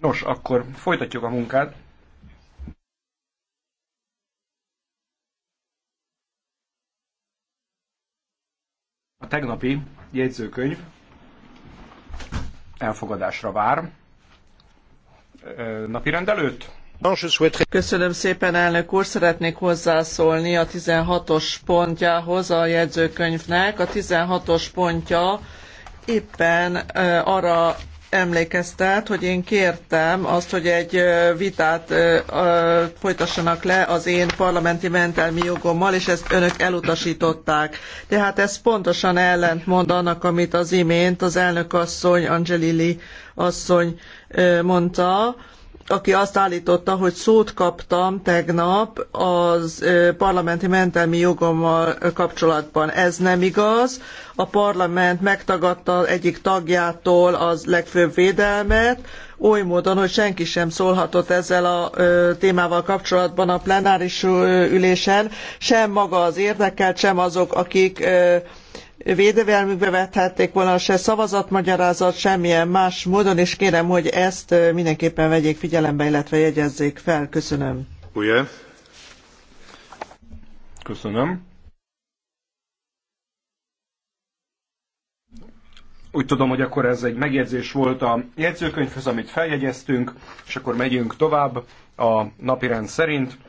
Nos, akkor folytatjuk a munkát. A tegnapi jegyzőkönyv elfogadásra vár. Napi rendelőt? Köszönöm szépen, elnök úr. Szeretnék hozzászólni a 16-os pontjához a jegyzőkönyvnek. A 16-os pontja éppen arra emlékeztet, hogy én kértem azt, hogy egy vitát folytassanak le az én parlamenti mentelmi jogommal, és ezt önök elutasították. Tehát ez pontosan ellentmond annak, amit az imént az elnök asszony, Angelili asszony mondta, aki azt állította, hogy szót kaptam tegnap az parlamenti mentelmi jogommal kapcsolatban. Ez nem igaz. A parlament megtagadta egyik tagjától az legfőbb védelmet, oly módon, hogy senki sem szólhatott ezzel a témával kapcsolatban a plenáris ülésen, sem maga az érdekelt, sem azok, akik védevelmükbe vethették volna, se szavazatmagyarázat, semmilyen más módon, és kérem, hogy ezt mindenképpen vegyék figyelembe, illetve jegyezzék fel. Köszönöm. Ugye? Köszönöm. Úgy tudom, hogy akkor ez egy megjegyzés volt a jegyzőkönyvhöz, amit feljegyeztünk, és akkor megyünk tovább a napirend szerint.